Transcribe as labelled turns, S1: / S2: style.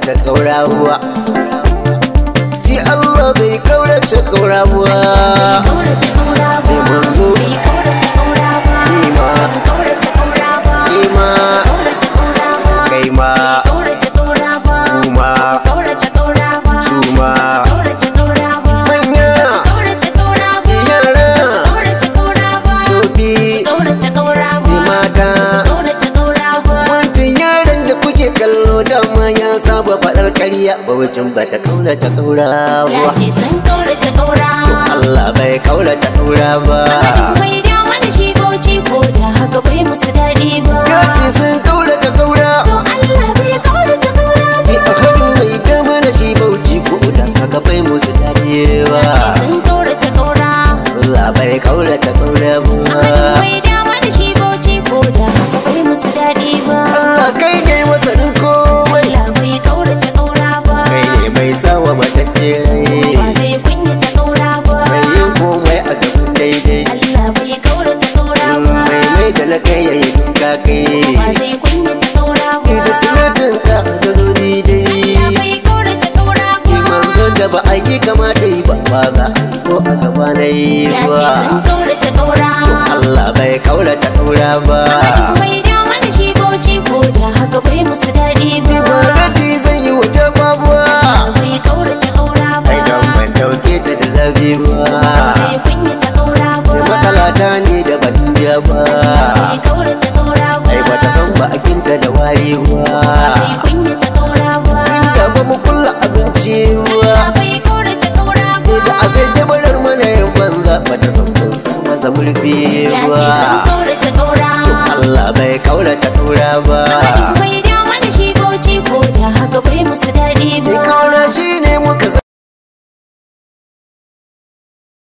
S1: kaurace kaurawa ji Allah bai kaurace kaurawa ƙarya ba wajen ba ta kaura ta kaura ba ya ce sun
S2: kaura ta kaura Allah
S1: bai kaura ta kaura ba
S2: bai da mana shi bauchi ko da haka bai musu dadi ba ya ce sun kaura ta kaura to Allah bai kaura ta kaura ba a harin bai da mana shi bauchi ko da haka
S1: bai musu dadi ba sun
S2: kaura ta kaura
S1: Allah bai kaura ta kaura ba bai
S2: da mana shi bauchi ko da haka bai musu dadi ba
S1: dai ban maza ko a gaba na yi ba. Ya ce sun kaurace kaura. Allah bai kaurace kaura ba. Amma
S2: bai da mana shi bauchi ko da haka bai musu daɗi ba. Jibarati zan yi waje babuwa. Bai kaurace kaura ba. Ai dan
S1: ban dauke ta da zabi ba. Zai
S2: kunya ta kaura ba. Ya ta
S1: ne da ban ba. Bai
S2: kaurace kaura
S1: ba. Ai ta san ba akinta da wari ba. masa mulki ba Allah bai kaurata tura ba